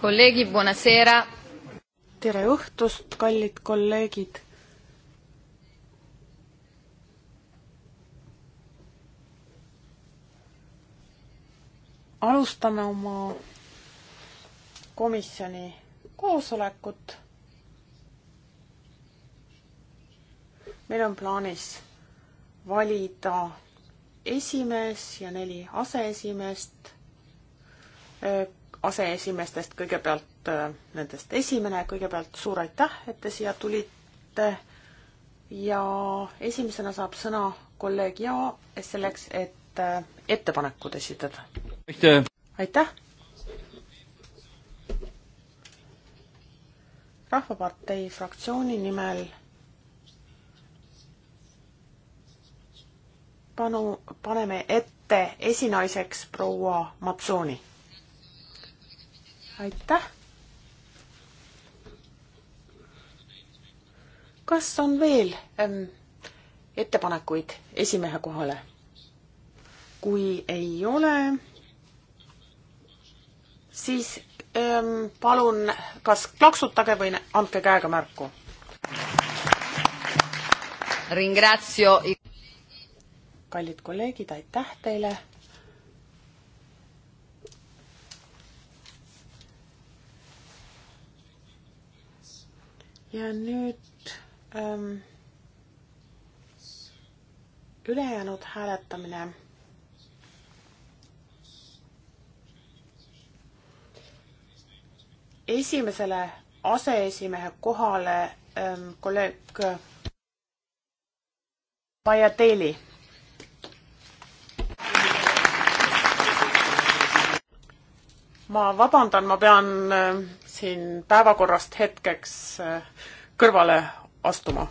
kolleegi, buonasera! tere õhtust, kallid kolleegid! alustame oma komisjoni koosolekut. meil on plaanis valida esimees ja neli aseesimeest aseesimeestest, kõigepealt äh, nendest esimene, kõigepealt suur aitäh, et te siia tulite ja esimesena saab sõna kolleeg Jaa selleks, et äh, ettepanekud esitada. aitäh! rahvapartei fraktsiooni nimel panu, paneme ette esinaiseks proua Matsooni aitäh. kas on veel ähm, ettepanekuid esimehe kohale? kui ei ole, siis ähm, palun kas plaksutage või andke käega märku. kallid kolleegid, aitäh teile ja nüüd ähm, ülejäänud hääletamine. esimesele aseesimehe kohale ähm, kolleeg Paia Teeli. ma vabandan, ma pean äh, siin päevakorrast hetkeks äh, kõrvale astuma.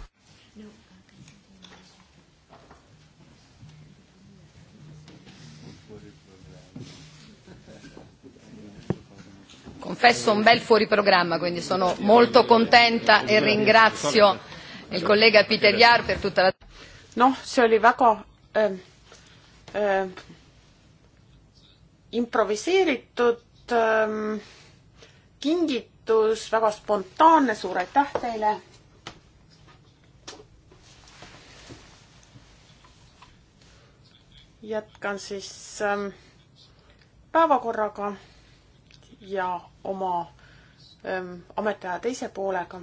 Confesso un bel fuori programma, quindi sono molto contenta e ringrazio il collega Peter Jaar per tutta la... noh, see oli väga äh, äh, improviseeritud äh, kingitus, väga spontaanne, suur aitäh teile. jätkan siis ähm, päevakorraga ja oma ähm, ametiaja teise poolega.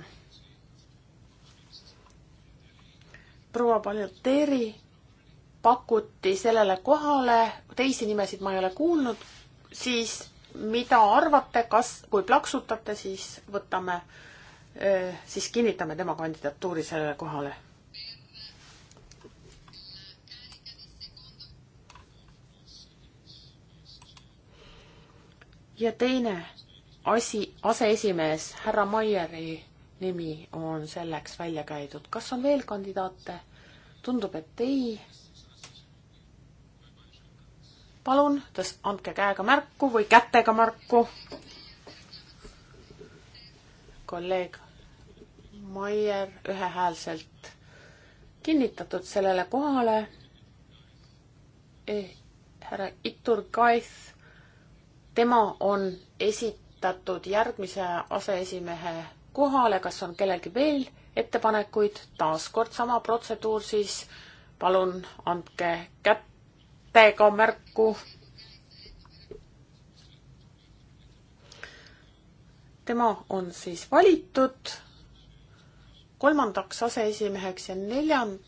proua Paljoteri pakuti sellele kohale, teisi nimesid ma ei ole kuulnud, siis mida arvate, kas, kui plaksutate, siis võtame, eh, siis kinnitame tema kandidatuuri sellele kohale. ja teine asi, aseesimees härra Maieri nimi on selleks välja käidud. kas on veel kandidaate? tundub, et ei palun tõst-, andke käega märku või kätega märku. kolleeg Maier ühehäälselt kinnitatud sellele kohale eh,. härra Iturgais, tema on esitatud järgmise aseesimehe kohale, kas on kellelgi veel ettepanekuid, taaskord sama protseduur siis, palun andke kätt kätega märku. tema on siis valitud kolmandaks aseesimeheks ja neljandale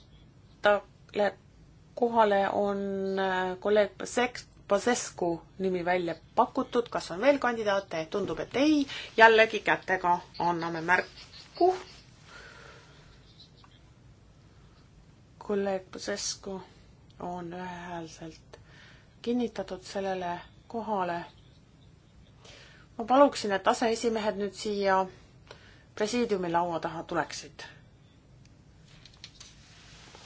kohale on äh, kolleeg Pasek-, Pasescu nimi välja pakutud, kas on veel kandidaate, tundub, et ei, jällegi kätega anname märku. kolleeg Pasescu on ühehäälselt kinnitatud sellele kohale. ma paluksin, et aseesimehed nüüd siia presiidiumi laua taha tuleksid.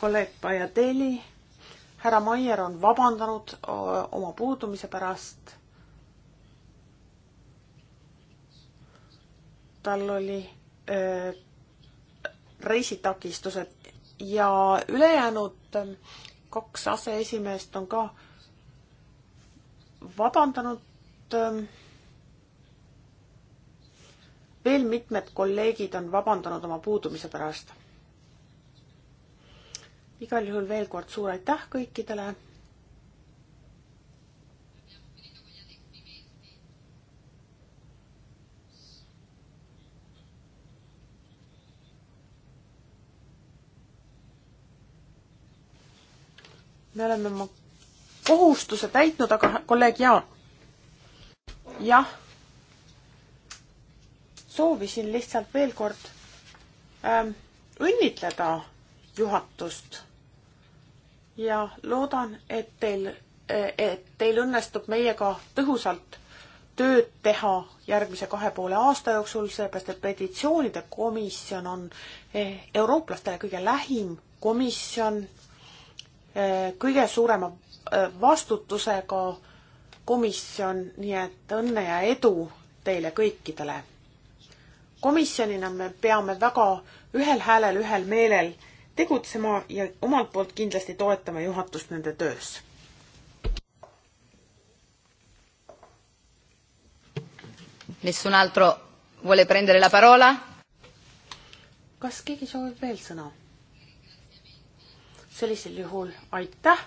kolleeg Pajadeli, härra Maier on vabandanud oma puudumise pärast. tal oli öö, reisitakistused ja ülejäänud kaks aseesimeest on ka vabandanud. Ähm, veel mitmed kolleegid on vabandanud oma puudumise pärast. igal juhul veel kord suur aitäh kõikidele me oleme oma kohustuse täitnud, aga kolleeg Jaan. jah. soovisin lihtsalt veel kord ähm, õnnitleda juhatust ja loodan, et teil, äh, et teil õnnestub meiega tõhusalt tööd teha järgmise kahe poole aasta jooksul, seepärast et petitsioonide komisjon on eh, eurooplastele kõige lähim komisjon kõige suurema äh, vastutusega komisjon, nii et õnne ja edu teile kõikidele. komisjonina me peame väga ühel häälel, ühel meelel tegutsema ja omalt poolt kindlasti toetama juhatust nende töös Nessun altro vuole prendere la parola? Kas keegi soovib veel sõna? sellisel juhul aitäh.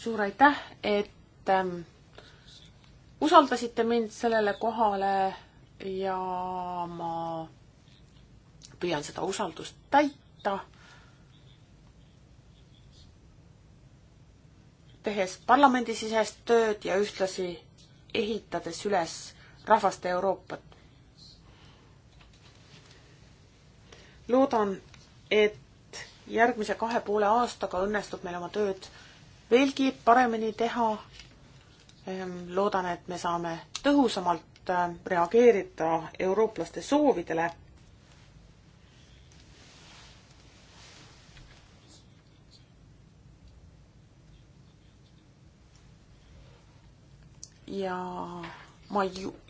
suur aitäh, et ähm, usaldasite mind sellele kohale ja ma püüan seda usaldust täita. tehes parlamendisisest tööd ja ühtlasi ehitades üles rahvaste Euroopat. loodan, et järgmise kahe poole aastaga õnnestub meil oma tööd veelgi paremini teha. Ehm, loodan, et me saame tõhusamalt ehm, reageerida eurooplaste soovidele ja ma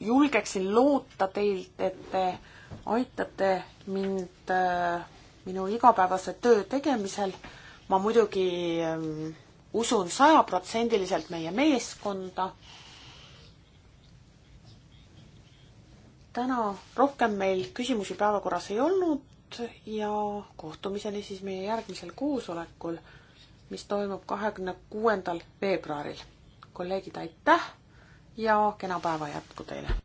julgeksin loota teilt, et te aitate mind äh, minu igapäevase töö tegemisel. ma muidugi ähm, usun sajaprotsendiliselt meie meeskonda. täna rohkem meil küsimusi päevakorras ei olnud ja kohtumiseni siis meie järgmisel koosolekul, mis toimub kahekümne kuuendal veebruaril. kolleegid, aitäh! ja kena päeva jätku teile!